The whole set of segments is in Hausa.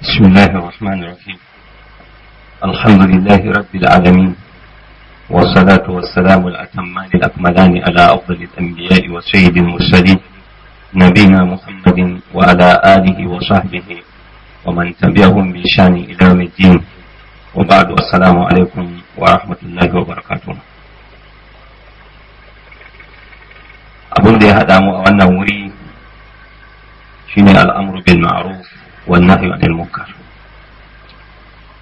بسم الله الرحمن الرحيم الحمد لله رب العالمين والصلاة والسلام الأتمان الأكملان على أفضل الأنبياء وسيد المرسلين نبينا محمد وعلى آله وصحبه ومن تبعهم بشان إلى يوم الدين وبعد السلام عليكم ورحمة الله وبركاته أبو da هذا haɗa mu a الأمر بالمعروف والنهي عن المnkar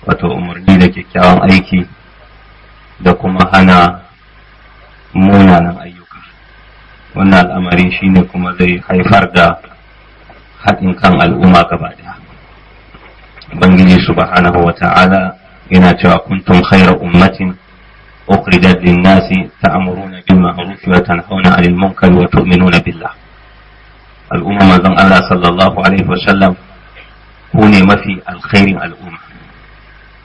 wato umarni da kyakkyawan aiki da kuma hana munanan ayyuka wannan al'amari shine kuma zai haifar da haɗin kan al'umma gaba ɗaya ubangiji subhanahu wa ta'ala yana cewa kuntum khayra ummatin ukhrijat lin-nasi ta'muruna bil ma'ruf wa tanhauna 'anil munkar wa tu'minuna billah al'umma manzon Allah sallallahu alaihi wa sallam ku ne mafi alkhairin al'umma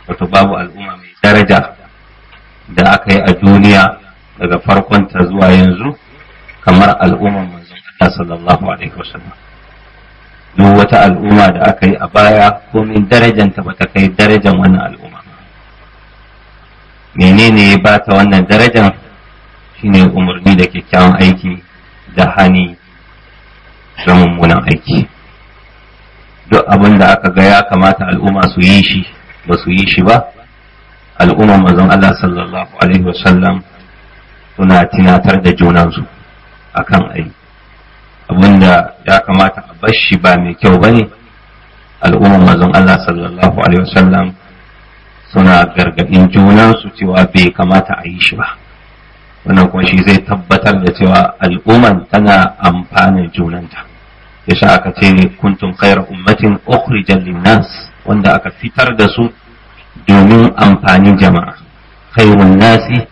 wato babu al'umma mai daraja da aka yi a duniya daga farkonta zuwa yanzu kamar al'umman manzon Allah sallallahu alaihi wasallam duk wata al'umma da aka yi a baya komin darajanta ba ta kai darajan wannan al'umma menene ya ba ta wannan darajan shine umarni da kyakkyawan aiki da hani da mummunan aiki duk abin da aka ga ya kamata al'umma su yi shi ba su yi shi ba al'umma mazan Allah sallallahu alaihi wasallam suna tinatar da junansu kan ai abin da ya kamata a bar shi ba mai kyau ba ne al'umma mazan Allah sallallahu alaihi wasallam suna gargaɗin junansu cewa bai kamata a yi shi ba wannan kuma shi zai tabbatar da cewa al'umman tana amfanin junanta. Yasha aka ce ne kuntum khayra ummatin ukhrijal linnas wanda aka fitar da su domin amfanin jama'a khayrun nasi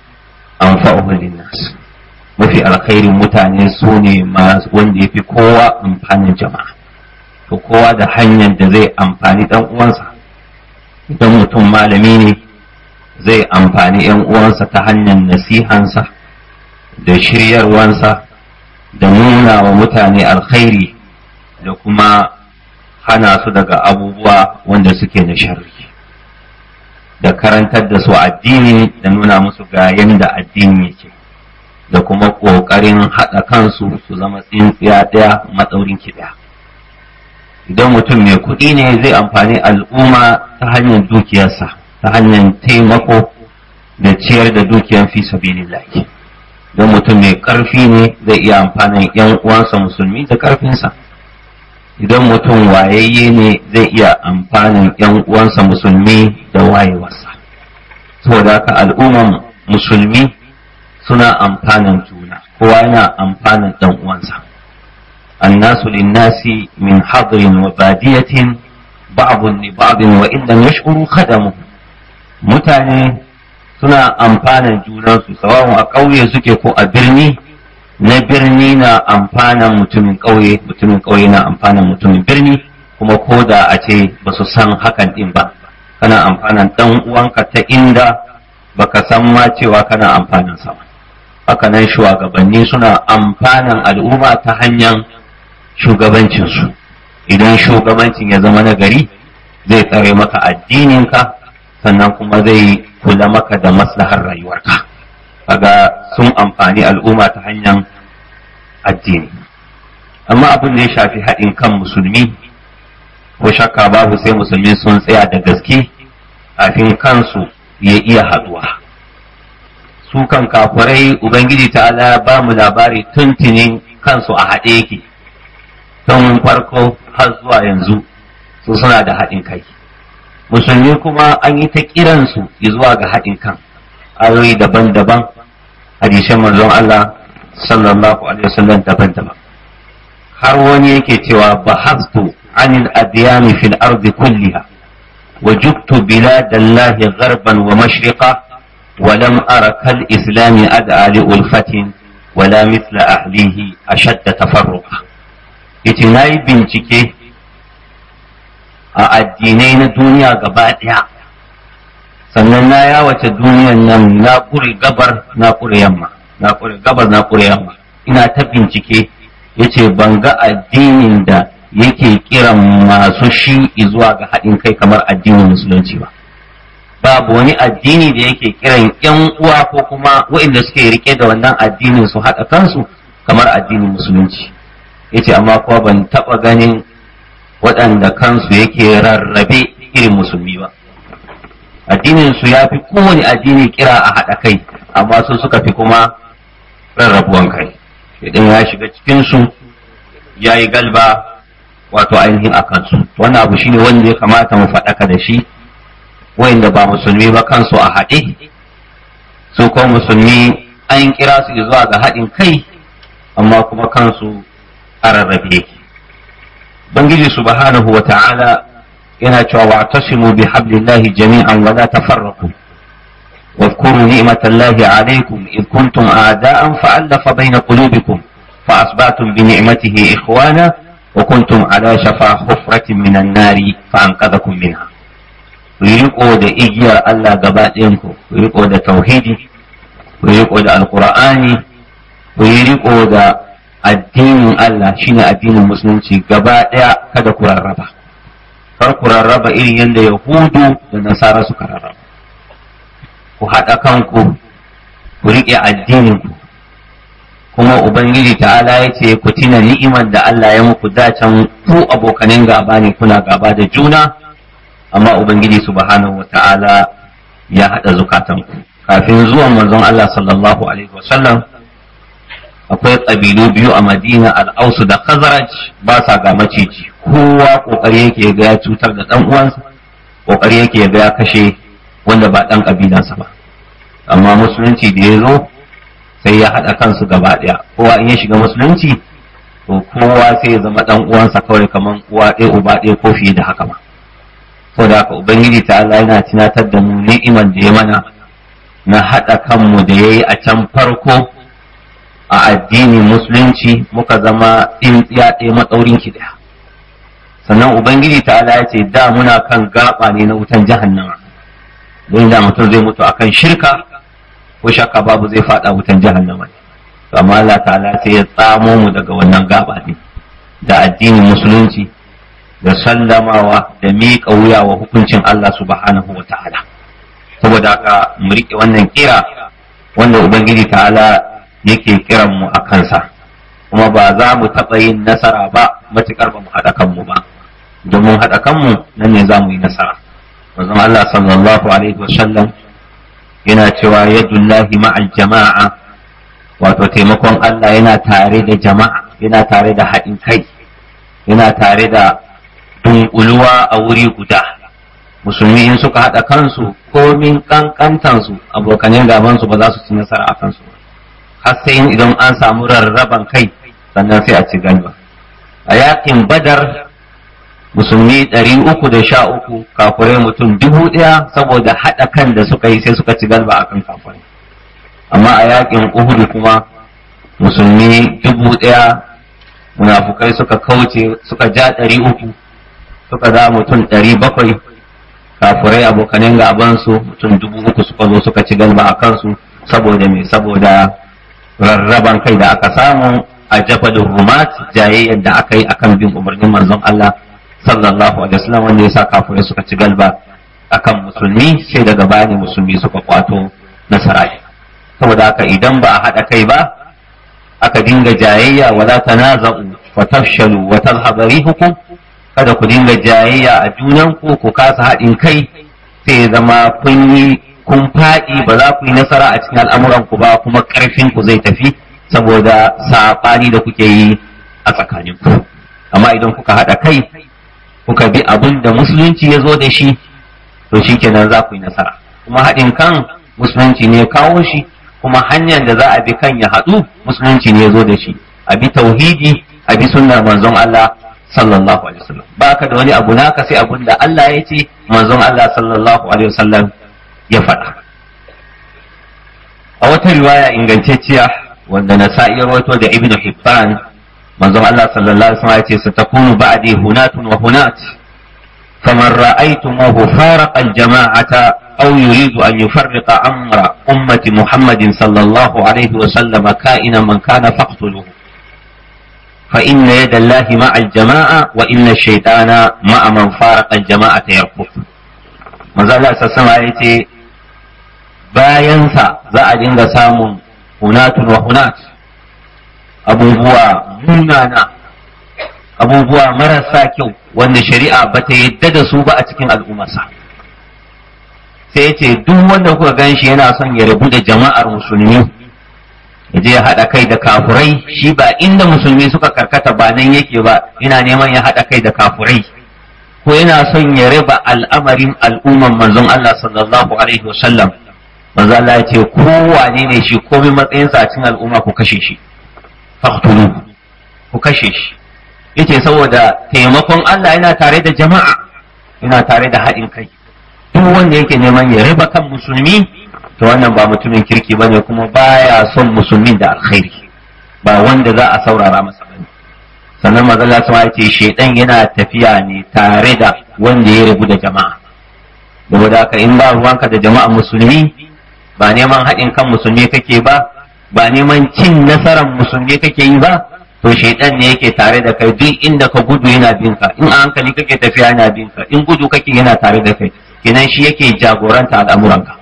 anfa'uhu linnas mafi alkhairin mutane su ne wanda ya fi kowa amfanin jama'a to kowa da hanyar da zai amfani dan uwansa idan mutum malami ne zai amfani yan uwansa ta hanyar nasihansa da shiryarwansa da nuna wa mutane alkhairi da kuma hana su daga abubuwa wanda suke na sharri da karantar da su addini da nuna musu ga yadda addini yake da kuma ƙoƙarin haɗa kansu su zama tsintsiya ɗaya matsaurin kiɗa idan mutum mai kuɗi ne zai amfani al'umma ta hanyar dukiyarsa ta hanyar taimako da ciyar da dukiyar fi sabilillahi don mutum mai ƙarfi ne zai iya amfanin 'yan uwansa musulmi da ƙarfinsa idan mutum wayayye ne zai iya amfanin ‘yan uwansa musulmi da wayewarsa saboda haka al'umman musulmi suna amfanin juna kowa yana amfanin ɗan uwansa annasu linnasi min hadrin wa badiyatin ba'dun li ba'din wa in yashkuru khadamu mutane suna amfanin junansu sawa'un a ƙauye suke ko a birni na birni na amfanan mutumin ƙauye mutumin ƙauye na amfanan mutumin birni kuma ko da a ce ba su san hakan ɗin ba kana amfanan ɗan uwanka ta inda baka san ma cewa kana amfanan sa ba haka nan shugabanni suna amfanan al'umma ta hanyar shugabancinsu idan shugabancin ya zama na gari zai tsare maka addininka sannan kuma zai kula maka da maslahar rayuwarka kaga sun amfani al'umma ta hanyar addini amma abin da ya shafi haɗin kan musulmi ko shakka babu sai musulmi sun tsaya da gaske kafin kansu ya iya haɗuwa su kan kafurai ubangiji ta ala ba mu labari tuntunin kansu a haɗe yake don farko har zuwa yanzu su suna da haɗin kai musulmi kuma an yi ta kiransu zuwa ga haɗin kan ayoyi daban-daban hadishin manzon Allah sallallahu alaihi wasallam daban-daban har wani yake cewa bahastu anil fi al-ard kulliha bilad Allah gharban wa mashriqa wa lam ara kal ولم أر كالإسلام أدعى wa la mithla ahlihi ashadd تفرقا yace na yi bincike a addinai na duniya gaba daya sannan na yawace duniyan nan na kuri gabar na kuri yamma na ƙure gabas na yamma ina ta bincike Ya ce ban ga addinin da yake kiran masu shi zuwa ga haɗin kai kamar addinin musulunci ba babu wani addini da yake kiran yan uwa ko kuma waɗanda suke rike da wannan addinin su haɗa kansu kamar addinin musulunci yace amma kuwa ban taɓa ganin waɗanda kansu yake rarrabe irin musulmi ba addinin su ya fi kowane addini kira a haɗa kai amma su suka fi kuma rarrabuwan kai idan ya shiga cikinsu ya yi galba wato ainihin a kansu wannan abu shine wanda ya kamata mu faɗaka da shi wayanda ba musulmi ba kansu a haɗe su ko musulmi an kira su zuwa ga haɗin kai amma kuma kansu a rarrabe yake bangiji subhanahu wa ta'ala yana cewa wa tasimu bi hablillahi jami'an wa la tafarraqu واذكروا نعمة الله عليكم إذ كنتم أعداء فألف بين قلوبكم فأصبعتم بنعمته إخوانا وكنتم على شفا حفرة من النار فأنقذكم منها ويقول ده إجياء الله قبائلكم ويقول ده توحيدي ويقول ده القرآن ويقول ده الدين الله شين الدين المسلمين قبائل كده قرار ربا فالقرار ربا إلي يند يهود ونصارى سكرار ربا ku haɗa kanku ku riƙe addininku kuma ubangiji ta'ala ya ce ku tina ni'imar da Allah ya muku dacen ku abokanin gaba ne kuna gaba da juna amma ubangiji subhanahu wa ta'ala ya haɗa zukatanku kafin zuwan manzon Allah sallallahu alaihi wasallam akwai ƙabilu biyu a madina al'ausu da khazaraj ba sa ga maciji kowa ƙoƙari yake ga ya cutar da ɗan uwansa ƙoƙari yake ga ya kashe wanda ba ɗan ƙabilansa ba amma musulunci da ya zo sai ya haɗa kansu gaba ɗaya kowa in ya shiga musulunci to kowa sai ya zama ɗan uwansa kawai kamar uwa ɗaya uba ɗaya ko fiye da haka ba to da haka ubangiji ta Allah yana tunatar da mu ni'imar da ya mana na haɗa kanmu da ya yi a can farko a addinin musulunci muka zama in ɗaya matsaurin ki ɗaya sannan ubangiji ta Allah ya ce da muna kan gaɓa ne na wutan jahannama zai da mutum zai mutu akan shirka ko shakka babu zai fada wutan jahannama to amma Allah ta'ala sai ya tsamo mu daga wannan gaba ne da addinin musulunci da sallamawa da miƙa wuya wa hukuncin Allah subhanahu wa ta'ala saboda haka mu riƙe wannan kira wanda ubangiji ta'ala yake kiran mu a kansa kuma ba za mu taɓa yin nasara ba matuƙar ba mu haɗa kanmu ba domin haɗa kanmu nan ne za mu yi nasara manzon Allah sallallahu alaihi sallam yana cewa yadullahi ma'al jama'a wato taimakon Allah yana tare da jama'a yana tare da haɗin kai yana tare da dunkuluwa a wuri guda musulmi in suka haɗa kansu komin su abokanin gabansu ba za su ci nasara a kansu har sai idan an samu rarraban kai sannan sai a ci ba. a yaƙin badar musulmi ɗari uku da sha uku kafurai mutum dubu ɗaya saboda haɗa kan da suka yi sai suka ci galba akan kafirai amma a yaƙin uhudu kuma musulmi dubu ɗaya munafukai suka kauce suka ja ɗari uku suka za mutum ɗari bakwai kafurai abokanin gabansu mutum dubu uku suka zo suka ci galba a kansu saboda me saboda rarraban kai da aka samu a da rumat jayayyar da aka yi akan bin umarnin manzon Allah sallallahu alaihi wasallam wanda yasa kafirai suka ci galba akan musulmi sai daga baya ne musulmi suka kwato nasara saboda haka idan ba a haɗa kai ba aka dinga jayayya wala tanaza'u wa tafshalu wa tadhhabu rihukum kada ku dinga jayayya a junan ku ku kasa haɗin kai sai zama kun yi kun faɗi ba za ku yi nasara a cikin al'amuran ku ba kuma karfin ku zai tafi saboda saɓani da kuke yi a tsakaninku. amma idan kuka haɗa kai kuka bi abin da musulunci ya zo da shi to shi kenan za ku yi nasara kuma haɗin kan musulunci ne kawo shi kuma hanyar da za a bi kan ya haɗu musulunci ne ya zo da shi a bi tauhidi a bi sunna manzon Allah sallallahu alaihi wasallam ba ka da wani abu naka sai abunda da Allah ya ce manzon Allah sallallahu alaihi wasallam ya faɗa a wata riwaya ingantacciya wanda na sa'ir da ibnu hibban manzon Allah sallallahu alaihi wasallam yace satakunu ba'di hunatun wa hunat faman ra'aytumuhu farqa al-jama'ata أو يريد أن يفرق أمر أمة محمد صلى الله عليه وسلم كائنا من كان فاقتله فإن يد الله مع الجماعة وإن الشيطان مع من فارق الجماعة يركض مازال أساسما أيتي باينسا زائد إن سام هنات وهنات abubuwa munana abubuwa marasa kyau wanda shari'a ba ta yadda da su ba a cikin al'ummarsa sai ce duk wanda kuka gan shi yana son ya rabu da jama'ar musulmi ya je ya haɗa kai da kafurai shi ba inda musulmi suka karkata ba nan yake ba yana neman ya haɗa kai da kafurai ko yana son ya raba al'amarin al'umman manzon Allah sallallahu alaihi wasallam manzo Allah ya ce kowane ne shi komai matsayinsa a cikin al'umma ku kashe shi faqtuluhu ku kashe shi yace saboda taimakon Allah yana tare da jama'a yana tare da haɗin kai duk wanda yake neman ya riba kan musulmi to wannan ba mutumin kirki bane kuma baya son musulmin da alkhairi ba wanda za a saurara masa bane sannan mazalla sama yace shedan yana tafiya ne tare da wanda ya rubuta da jama'a saboda haka in ba ruwanka da jama'a musulmi ba neman haɗin kan musulmi kake ba ba neman cin nasarar musulmi kake yi ba to shaitan ne yake tare da kai duk inda ka gudu yana bin ka in a hankali kake tafiya yana bin ka in gudu kake yana tare da kai kenan shi yake jagoranta al'amuranka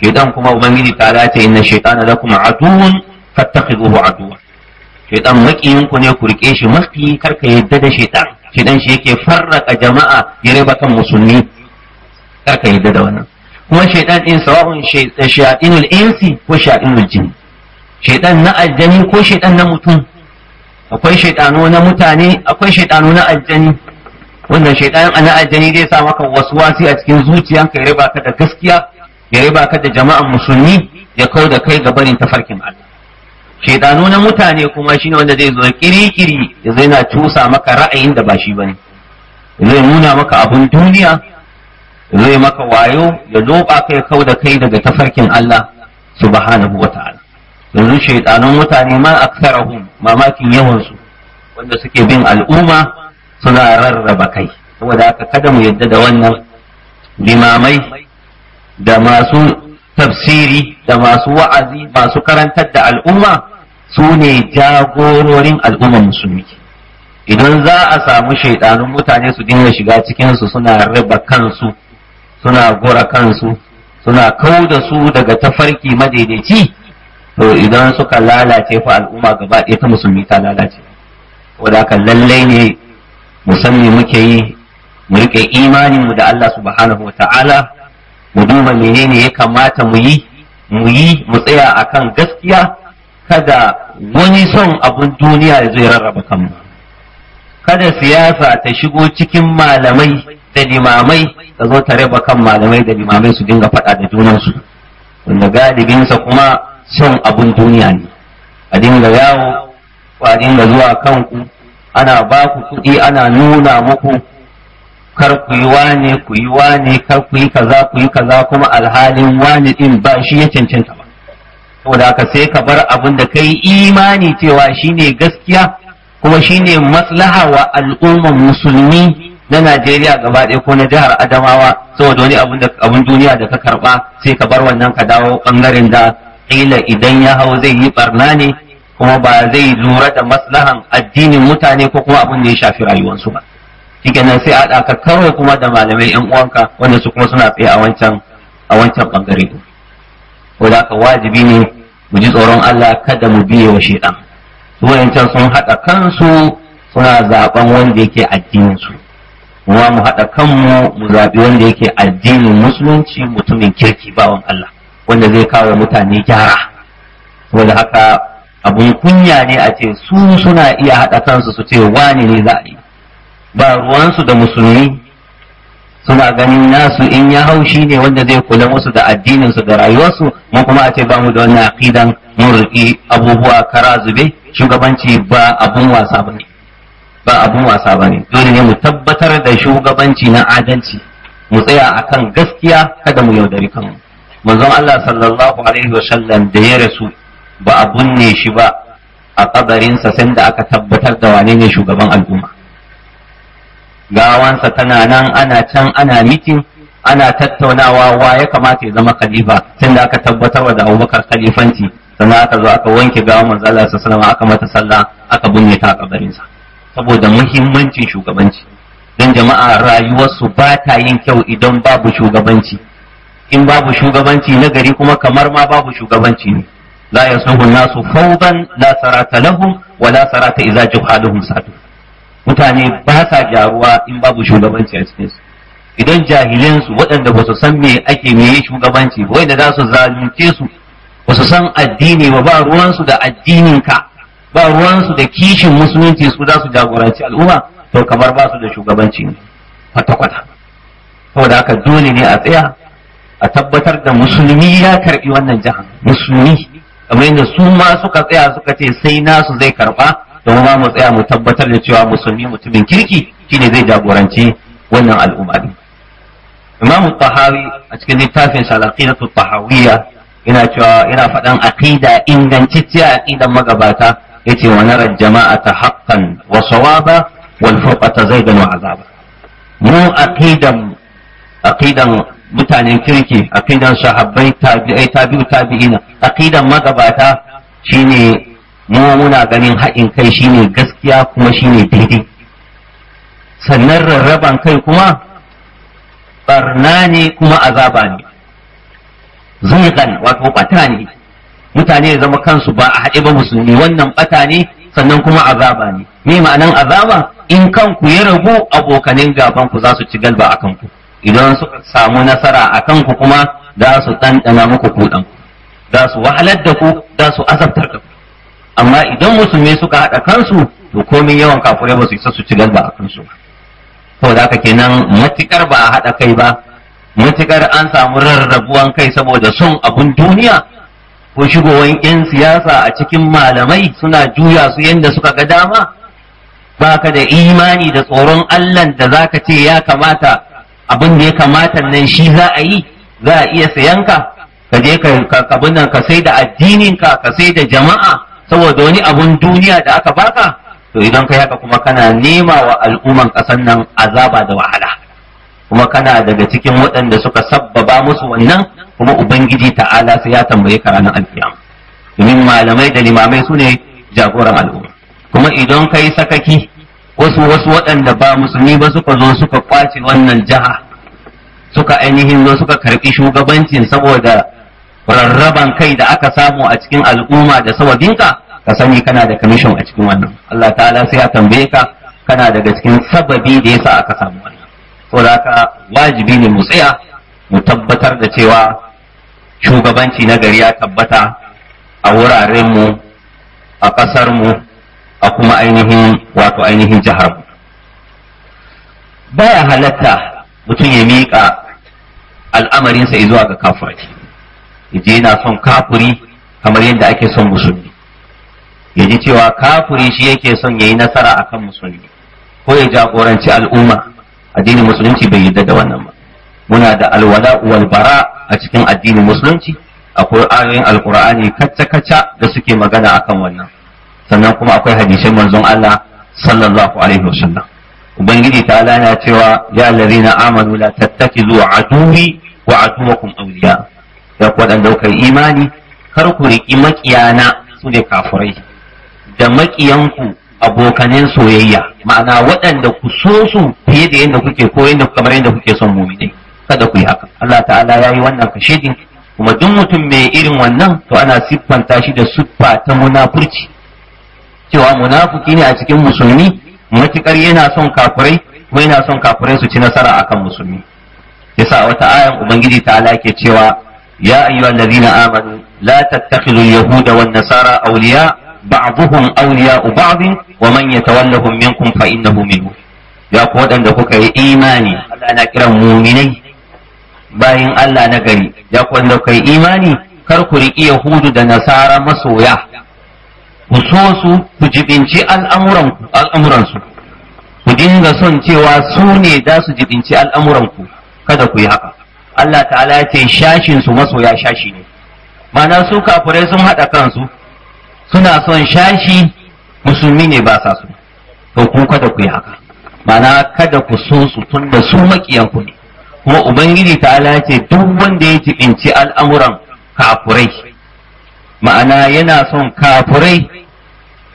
shaitan kuma ubangiji ta ce inna shaitana lakum aduwwun fattakhidhuhu aduwwan shaitan makiyin ku ne ku rike shi mafi karka yadda da shaitan shaitan shi yake farraka jama'a ya raba kan musulmi karka yadda da wannan kuma shaitan din sawa'un shayatinul insi ko shayatinul jinni shaidan na aljani ko shaidan na mutum akwai shaidano na mutane akwai shaidano na aljani wannan shaidan na aljani zai sa maka wasu wasi a cikin zuciyanka ya riba ka da gaskiya ya riba ka da jama'an musulmi ya kau da kai ga barin tafarkin Allah shaidano na mutane kuma shine wanda zai zo kiri-kiri ya zai na cusa maka ra'ayin da ba shi bane zai nuna maka abun duniya zai maka wayo ya loba kai kau da kai daga tafarkin Allah subhanahu wa ta'ala yanzu shaidanun mutane ma aksarahum mamakin yawansu wanda suke bin al'umma suna rarraba kai saboda haka kada mu yadda da wannan limamai da masu tafsiri da masu wa'azi masu karantar da al'umma su ne jagororin al'umma musulmi idan za a samu shaidanun mutane su dinga shiga cikinsu suna raba kansu suna gora kansu suna kau da su daga tafarki madaidaici to idan suka lalace fa al'umma gaba ɗaya ta musulmi ta lalace wanda haka lallai ne musamman muke yi mu rike imanin mu da Allah subhanahu wa ta'ala mu duba menene ya kamata mu yi mu yi mu tsaya akan gaskiya kada wani son abun duniya ya zai rarraba kanmu kada siyasa ta shigo cikin malamai da limamai ta zo ta raba kan malamai da limamai su dinga faɗa da junansu wanda galibinsa kuma son abin duniya ne a dinga yawo ko a dinga zuwa kanku ana ba ku kuɗi ana nuna muku kar ku yi wane ku yi wane kar ku yi kaza ku yi kaza kuma alhalin wane din ba shi ya cancanta ba saboda haka sai ka bar abin da kai imani cewa shine gaskiya kuma shine maslaha wa al'ummar musulmi na Najeriya gaba ɗaya ko na jihar Adamawa saboda wani abin duniya da ka karɓa, sai ka bar wannan ka dawo bangaren da kila idan ya hau zai yi barna ne kuma ba zai lura da maslahan addinin mutane ko kuma abin da ya shafi rayuwarsu ba nan sai a ka kawai kuma da malamai yan uwanka wanda su kuma suna tsaye a wancan a wancan bangare ko da ka wajibi ne mu ji tsoron Allah kada mu biye wa shedan su wayancan sun hada kansu suna zaben wanda yake addinin su kuma mu hada kanmu mu zaɓi wanda yake addinin musulunci mutumin kirki bawan Allah wanda zai kawo mutane gyara wanda haka abun kunya ne a ce su suna iya haɗa kansu su ce wani ne za a yi ba ruwansu da musulmi suna ganin nasu in ya hau shi ne wanda zai kula musu da addininsu da rayuwarsu mun kuma a ce ba mu da wannan aqidan mun rufi abubuwa kara zube shugabanci ba abun wasa bane ba abun wasa bane dole ne mu tabbatar da shugabanci na adalci mu tsaya akan gaskiya kada mu yaudari kanmu manzon Allah sallallahu alaihi wa sallam da ya rasu ba a binne shi ba a kabarinsa sai da aka tabbatar da wane ne shugaban al'umma gawansa tana nan ana can ana mitin ana tattaunawa wa ya kamata ya zama khalifa sai da aka tabbatar da Abubakar khalifanci sannan aka zo aka wanke gawan manzo Allah sallallahu alaihi aka mata sallah aka binne ta a kabarinsa saboda muhimmancin shugabanci dan jama'a rayuwarsu ba ta yin kyau idan babu shugabanci in babu shugabanci na gari kuma kamar ma babu shugabanci ne la yasuhu nasu fawdan la sarata lahum wa la sarata idza juhaluhum satu mutane ba sa gyaruwa in babu shugabanci a cikin su idan jahilan waɗanda ba su san me ake meye shugabanci ba wanda za su zalunce su ba su san addini ba ba ruwan su da addinin ka ba ruwan da kishin musulunci su za su jagoranci al'umma to kamar ba su da shugabanci ne kwata-kwata saboda haka dole ne a tsaya a tabbatar da musulmi ya karbi wannan jihar musulmi kamar yadda su ma suka tsaya suka ce sai nasu zai karba da ma mu tsaya mu tabbatar da cewa musulmi mutumin kirki shine zai jagoranci wannan al'umma din imam tahawi a cikin littafin sa al-aqidatu tahawiyya yana cewa yana faɗan aqida ingantacciya aqidan magabata yace wa nara jama'ata haqqan wa sawaba wal furqata zaidan wa azaba mu aqidan aqidan mutanen kirki fidan sahabbai tabi'ai tabi'u tabi'ina aqidan magabata shine mu muna ganin haɗin kai shine gaskiya kuma shine daidai sannan rarraban kai kuma barna ne kuma azaba ne zaiqan wato ɓata ne mutane zama kansu ba a haɗe ba musulmi wannan ɓata ne sannan kuma azaba ne me ma'anan azaba in kanku ya rabu, abokanin gaban ku za su ci galba a kanku idan suka samu nasara a kanku kuma za su ɗanɗana muku kuɗan za su wahalar da ku za su azabtar da ku amma idan musulmi suka haɗa kansu to komin yawan kafure ba su isa su ci galba a kansu ba da haka kenan matukar ba a haɗa kai ba matukar an samu rarrabuwan kai saboda son abun duniya ko shigowan 'yan siyasa a cikin malamai suna juya su yadda suka ga dama baka da imani da tsoron Allah da zaka ce ya kamata abin da ya kamata nan shi za a yi za a iya sayan ka ka je ka nan ka sai da addinin ka ka sai da jama'a saboda wani abun duniya da aka baka to idan kai haka kuma kana nema wa al'umman kasan nan azaba da wahala kuma kana daga cikin waɗanda suka sabbaba musu wannan kuma ubangiji ta'ala sai ya tambaye ka ranar alkiyama domin malamai da limamai su ne jagoran al'umma kuma idan kai sakaki wasu wasu waɗanda ba musulmi ba suka zo suka kwace wannan jiha suka ainihin zo suka karɓi shugabancin saboda rarraban kai da aka samu a cikin al'umma da sababinka ka sani kana da kamishin a cikin wannan Allah ta'ala sai ya tambaye ka kana daga cikin sababi da yasa aka samu wannan saboda haka wajibi ne mu tsaya mu tabbatar da cewa shugabanci na gari ya tabbata a wurarenmu a ƙasarmu a kuma ainihin wato ainihin jihar baya halatta mutum ya miƙa al'amarinsa zuwa ga kafirci yaje yana son kafuri kamar yadda ake son musulmi ya ji cewa kafuri shi yake son ya yi nasara akan musulmi ko ya jagoranci al'umma addinin musulunci bai yarda da wannan ba muna da alwala wal bara a cikin addinin musulunci akwai ayoyin alqur'ani kacce kacce da suke magana akan wannan sannan kuma akwai hadisai manzon Allah sallallahu alaihi sallam ubangiji ta ala ya cewa ya allazina amanu la tattakizu aduwi wa aduwakum awliya ya ku wadanda imani kar ku riki makiyana su ne kafirai da makiyanku abokanen soyayya ma'ana waɗanda ku so su fiye da yadda kuke ko yadda kamar yadda kuke son mu'minai kada ku yi haka Allah ta'ala ya yi wannan kashedin kuma duk mutum mai irin wannan to ana siffanta shi da siffa ta munafurci cewa munafiki ne a cikin musulmi matukar yana son kafirai kuma yana son kafirai su ci nasara akan musulmi yasa wata ayan ubangiji ta ala ke cewa ya ayyuhal ladina amanu la tattakhidhu al-yahuda wan nasara awliya ba'dhuhum awliya ba'd wa man yatawallahum minkum fa innahu minhum ya ku wadanda kuka yi imani Allah na kiran muminai bayin Allah na gari ya ku wadanda kuka yi imani kar ku riƙi yahudu da nasara masoya ku so su ku jibinci al'amuransu ku dinga son cewa su ne za su jibinci al'amuranku kada ku yi haka Allah ta'ala ya ce shashin su masoya shashi ne Mana su kafirai sun haɗa kansu suna son shashi musulmi ne ba sa su to ku kada ku yi haka Mana kada ku so su tun da su maƙiyanku ne kuma ubangiji ta'ala ya ce duk wanda ya jibinci al'amuran kafurai ma'ana yana son kafurai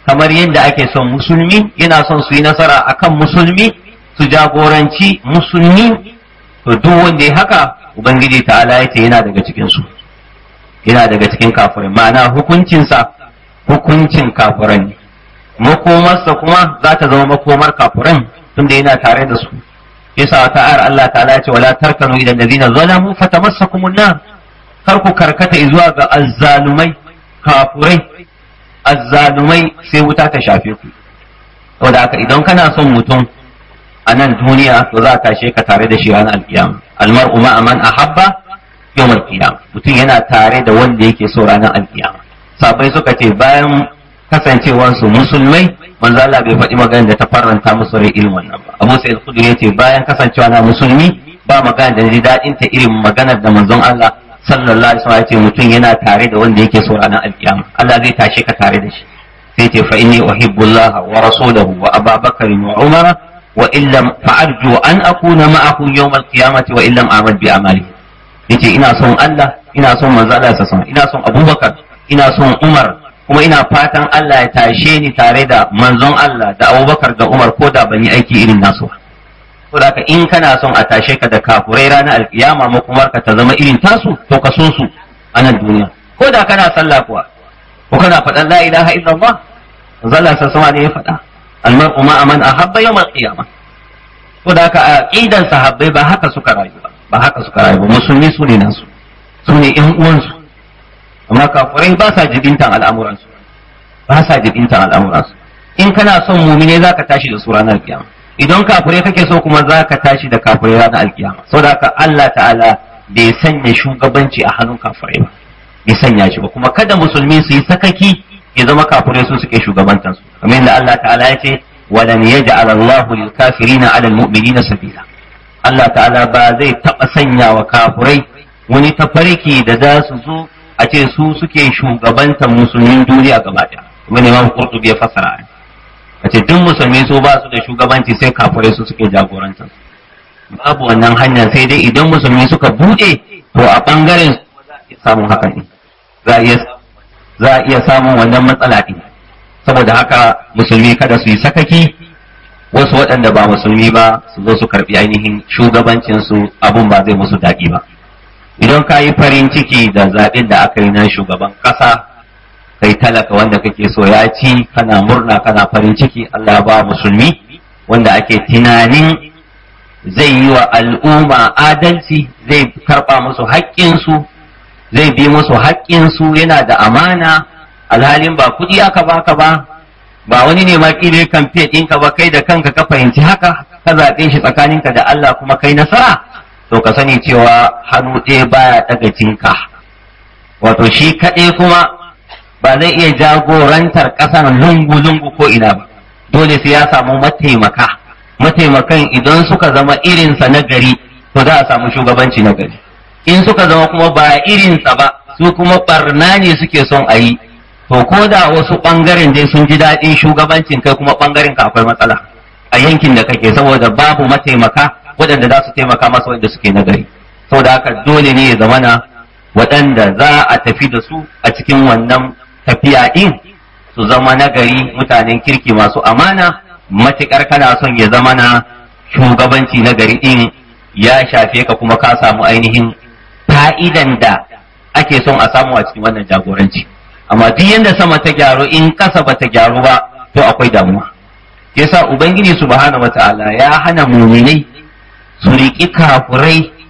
kamar yadda ake son musulmi yana son su yi nasara akan musulmi su jagoranci musulmi to duk wanda ya haka ubangiji ta'ala ya ce yana daga cikin su yana daga cikin kafurai ma'ana hukuncinsa hukuncin kafuran ne makomarsa kuma za ta zama makomar kafuran tunda yana tare da su yasa ta ayar Allah ta'ala ce wala tarkanu idan allazina zalamu fatamassakumun nar kar ku karkata zuwa ga azzalumai kafurai azzalumai sai wuta ta shafe ku saboda haka idan kana son mutum a nan duniya to za a tashe ka tare da shi ranar alkiyama almar'u ma aman ahabba yawmal qiyama mutum yana tare da wanda yake so ranar alkiyama sabai suka ce bayan kasancewansu musulmai manzo bai faɗi magana da ta faranta musu rai ilmin nan ba Abu Sa'id ya yace bayan kasancewa na musulmi ba magana da ji daɗin ta irin maganar da manzon Allah sallallahu alaihi wasallam ce mutum yana tare da wanda yake so ranar alkiyama Allah zai tashi ka tare da shi sai ce fa inni uhibbullaha wa rasulahu wa abubakar wa umara wa illam fa arju an akuna ma'akum yawm alqiyamati wa illam amal bi amali yace ina son Allah ina son manzo Allah sa ina son Abubakar ina son Umar kuma ina fatan Allah ya tashe ni tare da manzon Allah da Abubakar da Umar ko da ban yi aiki irin nasu ba saboda in kana son a tashe ka da kafurai ranar alkiyama makomar ka ta zama irin tasu to ka so su a nan duniya ko da kana sallah kuwa ko kana faɗan la ilaha illallah zalla sa sama ne ya faɗa almar'u ma aman ahabba yawm alqiyama ko da ka aqidan sahabbai ba haka suka rayu ba ba haka suka rayu ba musulmi su ne nasu su ne ƴan uwansu amma kafurai ba sa jibintan al'amuransu ba sa jibintan al'amuransu in kana son mumine zaka tashi da su ranar kiyama idan kafure kake so kuma za ka tashi da kafure ranar alkiyama da haka Allah ta'ala bai sanya shugabanci a hannun kafure ba bai sanya shi ba kuma kada musulmi su yi sakaki ya zama kafure su suke shugabantar su kamar yadda Allah ta'ala ya ce ya yaj'al Allah lil kafirina 'ala al mu'minina sabila Allah ta'ala ba zai taba sanya wa kafurai wani tafarki da za su zo a ce su suke shugabantar musulmin duniya gaba ɗaya ma ku qurtubi ya fassara a ce duk musulmi su ba su da shugabanci sai kafirai su suke jagoranta babu wannan hanya sai dai idan musulmi suka bude to a bangaren su samun haka ne za a iya samun wannan matsala ne saboda haka musulmi kada su yi sakaki wasu waɗanda ba musulmi ba su zo su karɓi ainihin shugabancin su abun ba zai musu daɗi ba idan ka yi farin ciki da zaɓen da aka yi na shugaban ƙasa kai talaka wanda kake so ya ci kana murna kana farin ciki Allah ba musulmi wanda ake tunanin zai yi wa al'umma adalci zai karɓa musu haƙƙinsu zai bi musu haƙƙinsu yana da amana alhalin ba kuɗi aka baka ba ba wani ne ma kamfe ɗinka ba kai da kanka ka fahimci haka ka zaɓe shi tsakaninka da Allah kuma kai nasara to ka sani cewa hannu ɗaya baya ɗaga jinka wato shi kaɗai kuma ba zai iya jagorantar ƙasar lungu-lungu ko ina ba dole sai ya samu mataimaka mataimakan idan suka zama irinsa na gari to za a samu shugabanci na gari in suka zama kuma ba irinsa ba su kuma barna ne suke son a yi to ko da wasu ɓangaren dai sun ji daɗin shugabancin kai kuma ɓangaren ka akwai matsala a yankin da kake saboda babu mataimaka waɗanda za su taimaka masa waɗanda suke na gari saboda haka dole ne ya zamana waɗanda za a tafi da su a cikin wannan tafiya ɗin su zama nagari mutanen kirki masu amana matuƙar kana son ya zama na shugabanci nagari ɗin ya shafe ka kuma ka samu ainihin fa'idan da ake son a samu a cikin wannan jagoranci amma duk yadda sama ta gyaru in ƙasa ba ta gyaru ba to akwai damuwa yasa ubangiji subhanahu wata'ala ya hana muminai su riƙi kafurai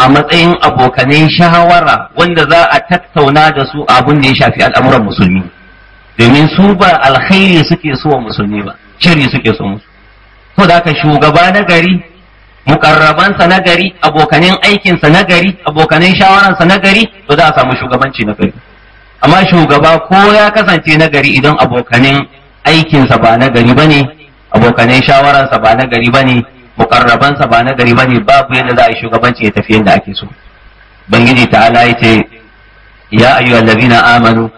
a matsayin abokanai shawara wanda za a tattauna da su abin da ya shafi al'amuran musulmi domin su ba alkhairi suke so wa musulmi ba shiri suke so musu to da ka shugaba na gari mukarrabansa na gari abokanin aikinsa na gari abokanin shawararsa na gari to za a samu shugabanci na gari amma shugaba ko ya kasance na gari idan abokanin aikinsa ba na gari bane abokanin shawararsa ba na gari bane mukarrabansa ba na gari bane babu yadda za a yi shugabanci ya tafi yadda ake so bangiji ta'ala ya ce ya amanu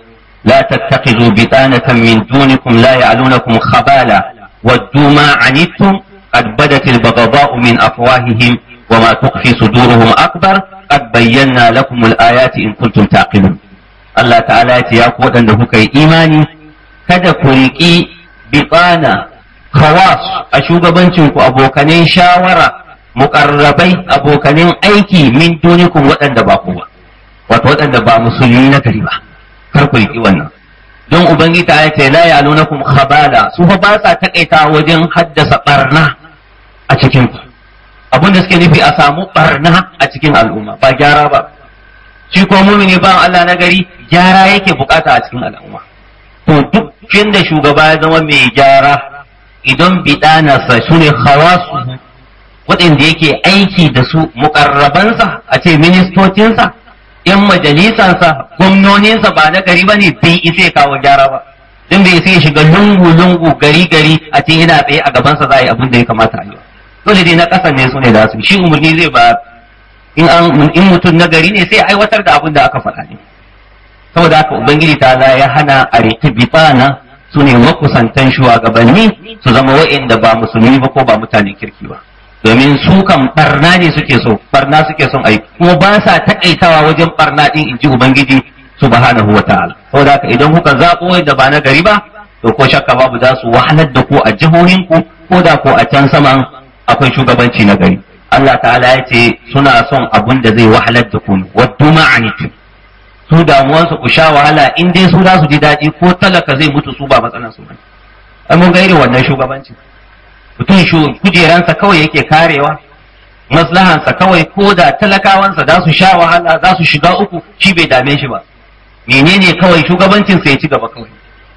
لا تتخذوا بطانة من دونكم لا يعلونكم خبالا ودوا ما عنتم قد بدت البغضاء من أفواههم وما تخفي صدورهم أكبر قد بينا لكم الآيات إن كنتم تعقلون الله تعالى يتياك قوة أنه كي إيماني kada كريكي بطانة Kawas, a shugabancinku abokanin shawara muƙarrabai abokanin aiki min dunikum waɗanda ba ku ba wato waɗanda ba musulmi na gari ba kar ku yi wannan don ubangita ya ce la ya'lunakum khabala su fa ba sa takaita wajen haddasa barna a cikin ku abinda suke nufi a samu barna a cikin al'umma ba gyara ba shi ko mumini ba Allah na gari gyara yake bukata a cikin al'umma to duk da shugaba ya zama mai gyara idan bidanarsa su ne su waɗanda yake aiki da su mukarrabansa a ce ministocinsa yan majalisansa gwamnoninsa ba na gari ba ne bai isa kawo gyara ba don bai isa shiga lungu-lungu gari-gari a ce yana tsaye a gabansa za a yi abin da ya kamata a yi dole dai na ƙasa ne su ne da su shi umarni zai ba in mutum na gari ne sai aiwatar da abin da aka faɗa ne saboda haka ubangiji ta ya hana a riki bitana su ne makusantan shugabanni su zama wa'inda ba musulmi ba ko ba mutanen kirki ba domin su kan barna ne suke so barna suke son ai Ko ba sa taƙaitawa wajen barna in ji ubangiji subhanahu wataala saboda haka idan kuka zaɓo da ba na gari ba to ko shakka babu za su wahalar da ku a jihohin ku ko da ko a can saman akwai shugabanci na gari Allah ta'ala ya ce suna son abun da zai wahalar da ku waddu ma'anitu su damuwarsa ku sha wahala in dai su za su ji daɗi ko talaka zai mutu su ba matsalar. su bane an mun ga irin wannan shugabanci mutum shu kujeransa kawai yake karewa maslahansa kawai ko da talakawansa za su sha wahala za su shiga uku shi bai dame shi ba menene kawai shugabancinsa ya ci gaba kawai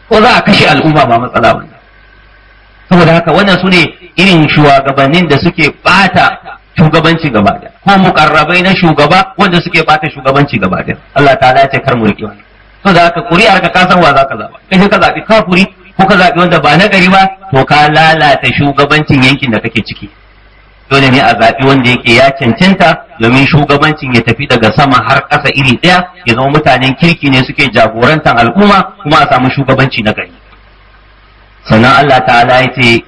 ko za a kashe al'umma ba matsala ba saboda haka wannan su ne irin shugabannin da suke bata shugabanci gaba ɗaya ko mukarrabai na shugaba wanda suke bata shugabanci gaba ɗaya Allah ta'ala ya ce kar mu riƙe wani to da haka kuri'ar ka kasan wa zaka zaba kai ka zabi kafuri ko ka zabi wanda ba na gari ba to ka lalata shugabancin yankin da kake ciki dole ne a zaɓi wanda yake ya cancanta domin shugabancin ya tafi daga sama har ƙasa iri ɗaya ya zama mutanen kirki ne suke jagorantar al'umma kuma a samu shugabanci na gari sannan Allah ta'ala ya ce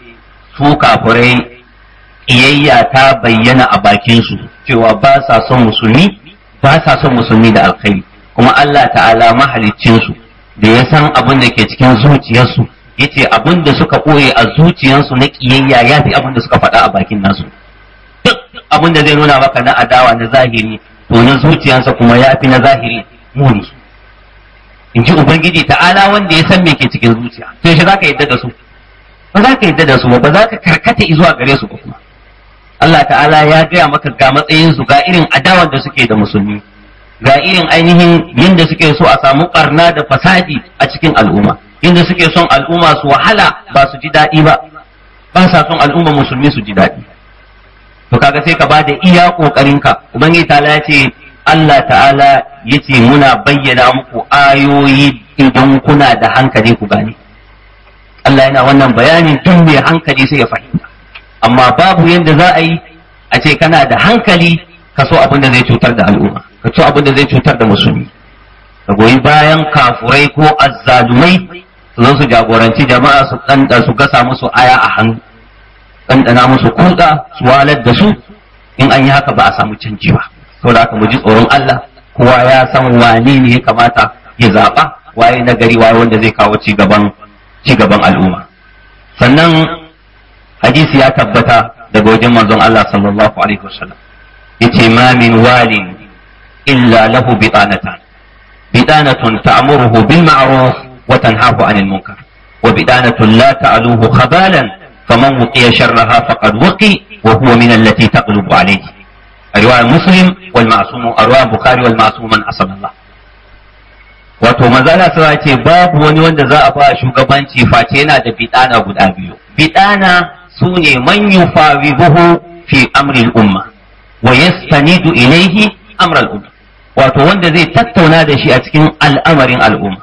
su kafurai ƙiyayya ta bayyana a bakin su cewa ba sa son musulmi ba sa son musulmi da alkhairi kuma Allah ta'ala su da ya san abin da ke cikin zuciyarsu yace abin da suka ɓoye a zuciyarsu na ƙiyayya ya fi abin da suka faɗa a bakin nasu duk abin da zai nuna maka na adawa na zahiri to na zuciyarsa kuma ya fi na zahiri muni in ji ubangiji ta'ala wanda ya san me ke cikin zuciya to shi zaka yadda da su ba za ka yadda da su ba ba za ka karkata zuwa gare su ba kuma Allah ta'ala ya gaya maka ga matsayin su ga irin adawar da suke da musulmi ga irin ainihin yadda suke so a samu karna da fasadi a cikin al'umma yadda suke son al'umma su wahala ba su ji daɗi ba ba sa son al'umma musulmi su ji daɗi to kaga sai ka ba da iya ƙoƙarinka ubangi ta'ala ya ce Allah ta'ala ya ce muna bayyana muku ayoyi idan kuna da hankali ku gane Allah yana wannan bayanin tun mai hankali sai ya fahimta amma babu yadda za a yi a ce kana da hankali ka so abin da zai cutar da al'umma ka so abin da zai cutar da musulmi ka goyi bayan kafurai ko azzalumai su zo su jagoranci jama'a su ɗanɗa su gasa musu aya a hannu ɗanɗana musu kuɗa su walar da su in an yi haka ba a samu canji ba saboda haka mu ji tsoron Allah kowa ya san wane ne ya kamata ya zaɓa waye nagari gari waye wanda zai kawo ci gaban ci gaban al'umma sannan حديث يا تبتا دقو جمان الله صلى الله عليه وسلم يتما من وال إلا له بطانة بطانة تأمره بالمعروف وتنهاه عن المنكر وبدانة لا تعلوه خبالا فمن وقي شرها فقد وقي وهو من التي تقلب عليه رواه مسلم والمعصوم رواه البخاري والمعصوم من أصب الله wato maza na suna ce babu wani wanda za a ba shugabanci face yana da bidana guda biyu bidana su ne manyan yufawiduhu fi amril umma wa yastanidu ilaihi amral umma wato wanda zai tattauna da shi a cikin al'amarin al'umma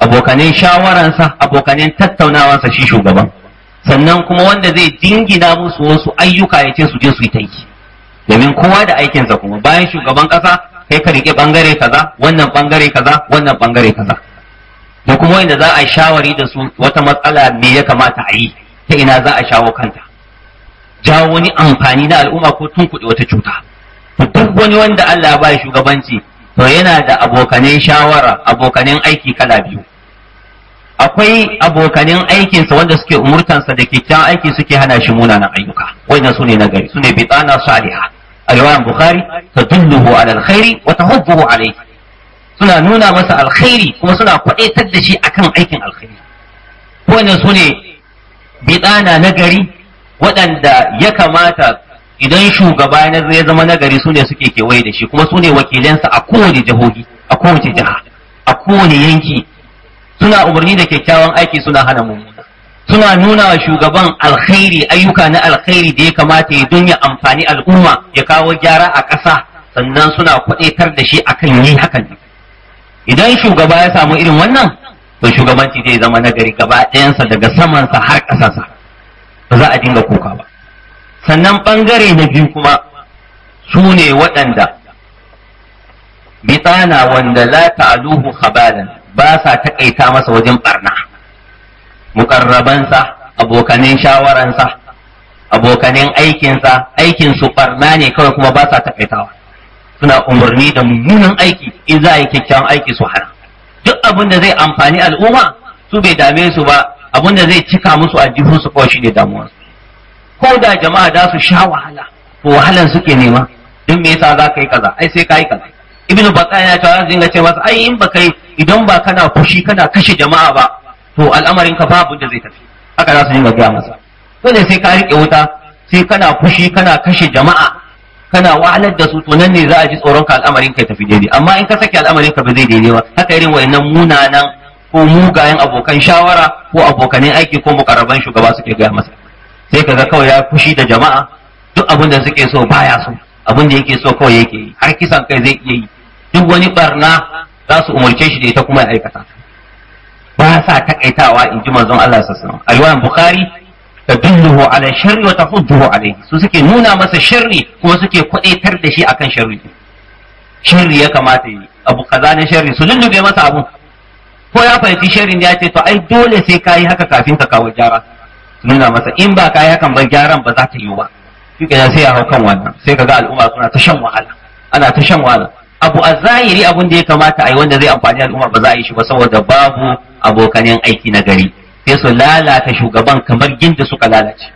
abokanin shawaransa abokanin tattaunawansa shi shugaban sannan kuma wanda zai dingina musu wasu ayyuka ya ce su je su yi taiki domin kowa da aikinsa kuma bayan shugaban kasa kai ka riƙe bangare kaza wannan bangare kaza wannan bangare kaza da kuma wanda za a shawari da su wata matsala me ya kamata a yi ta ina za a shawo kanta jawo wani amfani na al'umma ko tunkuɗe wata cuta duk wani wanda Allah ba shugabanci to yana da abokanin shawara abokanin aiki kala biyu akwai abokanin aikinsa wanda suke umurtansa da kyakkyawan aiki suke hana shi munanan ayyuka wannan sune na gari sune bitana saliha alwan bukhari tadulluhu ala alkhairi wa tahubbuhu alayhi suna nuna masa alkhairi kuma suna kwadaitar da shi akan aikin alkhairi wannan sune bitsana na gari waɗanda ya kamata idan shugaba na zai zama na gari su ne suke kewaye da shi kuma sune ne wakilansa a kowane jihohi a kowace jiha a kowane yanki suna umarni da kyakkyawan aiki suna hana mummuna suna nuna wa shugaban alkhairi ayyuka na alkhairi da ya kamata ya don amfani al'umma ya kawo gyara a ƙasa sannan suna kwaɗaitar da shi akan yi hakan idan shugaba ya samu irin wannan to shugabanci zai zama na gari gaba ɗayansa daga samansa har ƙasansa ba za a dinga kuka ba sannan ɓangare na biyu kuma su ne waɗanda bitsana wanda la ta'aluhu khabalan ba sa taƙaita masa wajen ɓarna muƙarrabansa abokanin shawaransa abokanin aikinsa aikin su ɓarna ne kawai kuma ba sa taƙaitawa suna umarni da mummunan aiki in za a yi kyakkyawan aiki su hana abin da zai amfani al'umma su bai dame su ba abin da zai cika musu aljihun su kawai shi ne damuwar ko da jama'a da su sha wahala to wahalan suke nema don me yasa za ka yi kaza ai sai ka yi kaza ibnu baka ya cewa zai dinga ce masa ai in ba kai idan ba kana fushi kana kashe jama'a ba to al'amarin ka babu da zai tafi haka za su dinga gaya masa dole sai ka rike wuta sai kana fushi kana kashe jama'a kana wahalar da su to nan ne za a ji tsoronka ka al'amarin ka tafi daidai amma in ka sake al'amarin ka ba zai daidai ba haka irin wayannan munanan ko mugayen abokan shawara ko abokanin aiki ko mukarraban shugaba suke gaya masa sai kaga kawai ya fushi da jama'a duk abin da suke so baya so abin da yake so kawai yake yi har kisan kai zai iya yi duk wani barna za su umarce shi da ita kuma ya aikata ba sa takaitawa in ji manzon Allah sallallahu alaihi bukhari Ka ala sharri wa tahujjuhu alayhi suke nuna masa sharri kuma suke kwadaitar da shi akan sharri sharri ya kamata yi abu kaza na su lullube masa abu ko ya fahimci sharrin ya ce to ai dole sai kayi haka kafin ka kawo gyara su nuna masa in ba kayi hakan ba gyaran ba za ta yi ba shi sai ya hau kan sai ka al'umma suna ta shan wahala ana ta shan wahala abu a zahiri abin da ya kamata a yi wanda zai amfani al'umma ba za a yi saboda babu abokanen aiki na gari sai su lalata shugaban kamar ginda suka lalace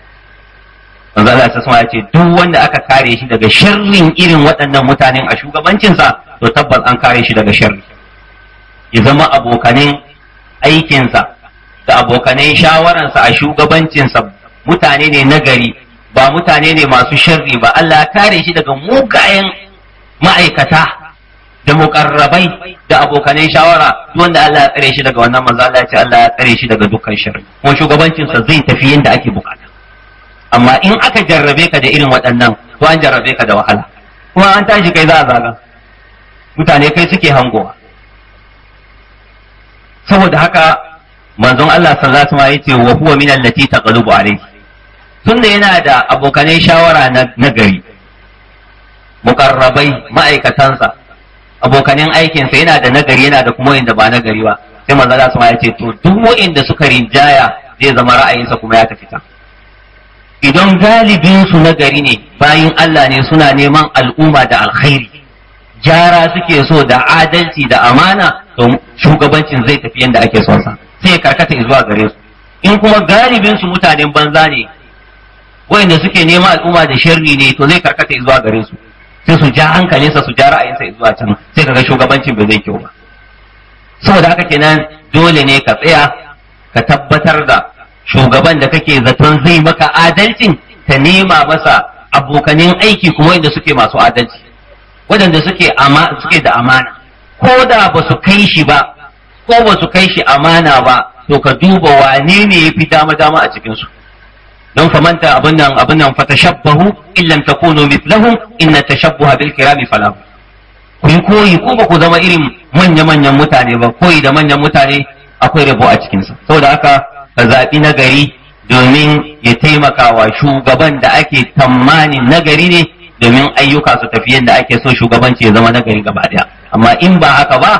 manzo Allah sassan ya ce duk wanda aka kare shi daga sharrin irin waɗannan mutanen a shugabancinsa to tabbas an kare shi daga sharri ya zama abokanin aikinsa da abokanin shawararsa a shugabancinsa mutane ne nagari ba mutane ne masu sharri ba Allah kare shi daga mugayen ma'aikata da mukarrabai da abokanai shawara duk wanda Allah ya tsare shi daga wannan manzo Allah ya ce Allah ya tsare shi daga dukkan sharri kuma shugabancin sa zai tafi yanda ake bukata amma in aka jarrabe ka da irin waɗannan to an jarrabe ka da wahala kuma an tashi kai za a zaga mutane kai suke hangowa saboda haka manzon Allah sallallahu alaihi wasallam yace wa huwa min allati taqalubu alayhi tunda yana da abokanai shawara na nagari mukarrabai ma'aikatansa abokanin aikinsa yana da nagari yana da kuma wanda ba nagari ba sai manzo Allah ya ce to duk wanda suka rinjaya zai zama ra'ayinsa kuma ya tafi ta idan galibin su nagari ne bayin Allah ne suna neman al'umma da alkhairi jara suke so da adalci da amana to shugabancin zai tafi yanda ake son sa sai karkata zuwa gare su in kuma galibin su mutanen banza ne wayanda suke neman al'umma da sharri ne to zai karkata zuwa gare su sai su ja hankalinsa su ja ra'ayinsa zuwa can sai kaga shugabancin ba zai kyau ba saboda haka kenan dole ne ka tsaya ka tabbatar da shugaban da kake zaton zai maka adalcin ka nema masa abokanin aiki kuma inda suke masu adalci waɗanda suke suke da amana ko da ba su kai shi ba ko ba su kai shi amana ba to ka duba wane ne ya fi dama dama a su don famanta abin nan abin nan fa tashabbahu illam takunu mithlahum inna tashabbuha bil kirami falah ku yi koyi ko ba ku zama irin manya manyan mutane ba koyi da manyan mutane akwai rabo a cikin sa saboda haka ka zabi nagari domin ya taimaka wa shugaban da ake tammani nagari ne domin ayyuka su tafi yadda ake so shugabanci ya zama nagari gaba daya amma in ba haka ba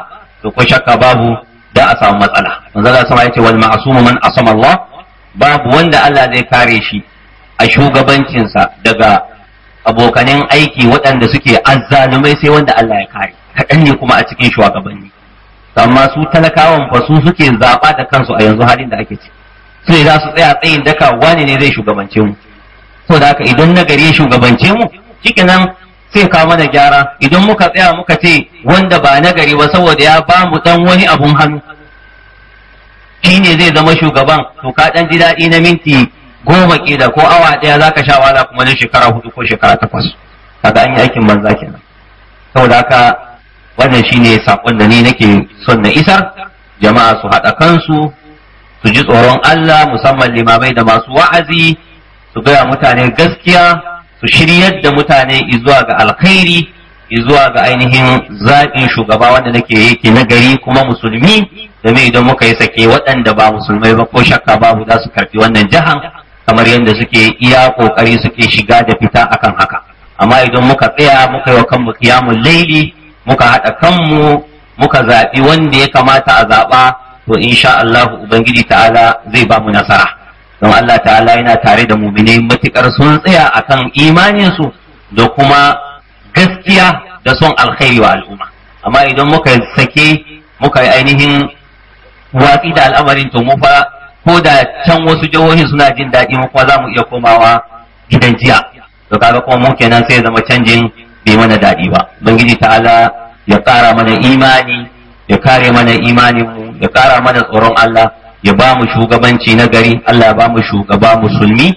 to ko shakka babu da a samu matsala manzo Allah ya ce wal ma'sumu man asama Allah babu wanda Allah zai kare shi a shugabancinsa daga abokanin aiki waɗanda suke azzalumai sai wanda Allah ya kare kaɗan ne kuma a cikin shugabanni amma su talakawan fa su suke zaɓa da kansu a yanzu halin da ake ci su ne za su tsaya tsayin daka wani ne zai shugabance mu da haka idan nagari gari shugabance mu cikin nan sai kawo mana gyara idan muka tsaya muka ce wanda ba na gari ba saboda ya ba mu dan wani abun hannu shi ne zai zama shugaban to ka dan ji daɗi na minti goma ƙila ko awa ɗaya za ka sha wala kuma na shekara hudu ko shekara takwas kaga an yi aikin banza kenan saboda haka wannan shine sakon da ni nake son na isar jama'a su haɗa kansu su ji tsoron Allah musamman limamai da masu wa'azi su gaya mutane gaskiya su shiryar da mutane zuwa ga alkhairi zuwa ga ainihin zaɓin shugaba wanda nake yake na gari kuma musulmi domin idan muka yi sake waɗanda ba musulmai ba ko shakka babu za su karfi wannan jihan, kamar yadda suke iya ƙoƙari suke shiga da fita akan haka amma idan muka tsaya muka yi wa kanmu kiyamun laili muka haɗa kanmu muka zaɓi wanda ya kamata a zaɓa to insha Allah ubangiji ta'ala zai ba mu nasara don Allah ta'ala yana tare da muminai matukar sun tsaya akan imaninsu da kuma gaskiya da son alkhairi wa al'umma amma idan muka sake muka yi ainihin watsi da al'amarin to mu fa ko da can wasu jihohin suna jin daɗi mu kuma za mu iya komawa gidan jiya to kaga kuma mu kenan sai zama canjin bai mana daɗi ba ubangiji ta'ala ya ƙara mana imani ya kare mana imanin mu ya ƙara mana tsoron Allah ya ba mu shugabanci na gari Allah ya ba mu shugaba musulmi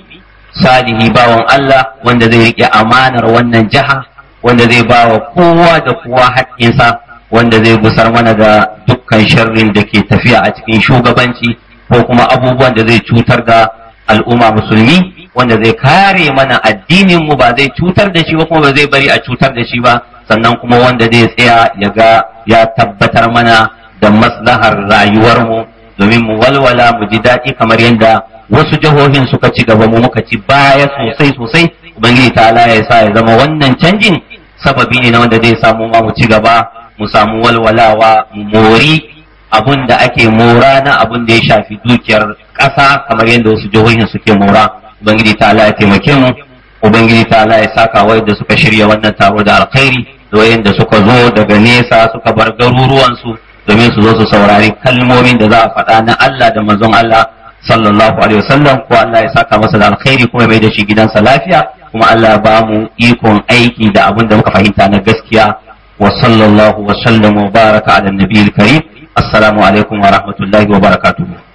salihi bawan Allah wanda zai riƙe amanar wannan jiha wanda zai ba wa kowa da kowa haƙƙinsa wanda zai gusar mana da dukkan sharrin da ke tafiya a cikin shugabanci ko kuma abubuwan da zai cutar da al'umma musulmi wanda zai kare mana addininmu ba zai cutar da shi ba kuma ba zai bari a cutar da shi ba sannan kuma wanda zai tsaya ya ga ya tabbatar mana da maslahar rayuwarmu domin mu walwala mu ji daɗi kamar yadda wasu jihohin suka ci gaba mu muka ci baya sosai sosai ubangiji ta ya sa ya zama wannan canjin sababi ne na wanda zai samu mu ci gaba mu samu walwalawa mori abun da ake mora na abun da ya shafi dukiyar ƙasa kamar yadda wasu jihohin suke mora ubangiji ta ya taimake mu ubangiji ta ya saka wa yadda suka shirya wannan taro da alkhairi da wayanda suka zo daga nesa suka bar garuruwansu domin su zo su saurari kalmomin da za a faɗa na Allah da manzon Allah sallallahu alaihi wasallam ko Allah ya saka masa da alkhairi kuma mai da shi gidansa lafiya kuma Allah ba mu ikon aiki da abin da muka fahimta na gaskiya wa sallallahu wa sallam wa baraka ala nabiyil karim assalamu alaikum wa rahmatullahi wa barakatuh